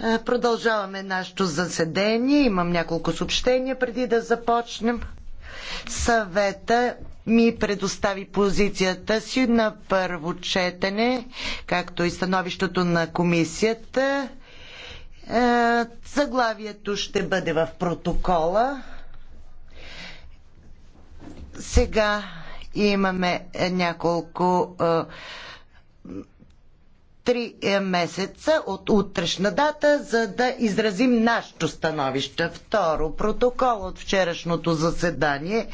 Продължаваме нашето заседание. Имам няколко съобщения преди да започнем. Съвета ми предостави позицията си на първо четене, както и становището на комисията. Заглавието ще бъде в протокола. Сега имаме няколко три е, месеца от утрешна дата, за да изразим нашето становище. Второ, протокол от вчерашното заседание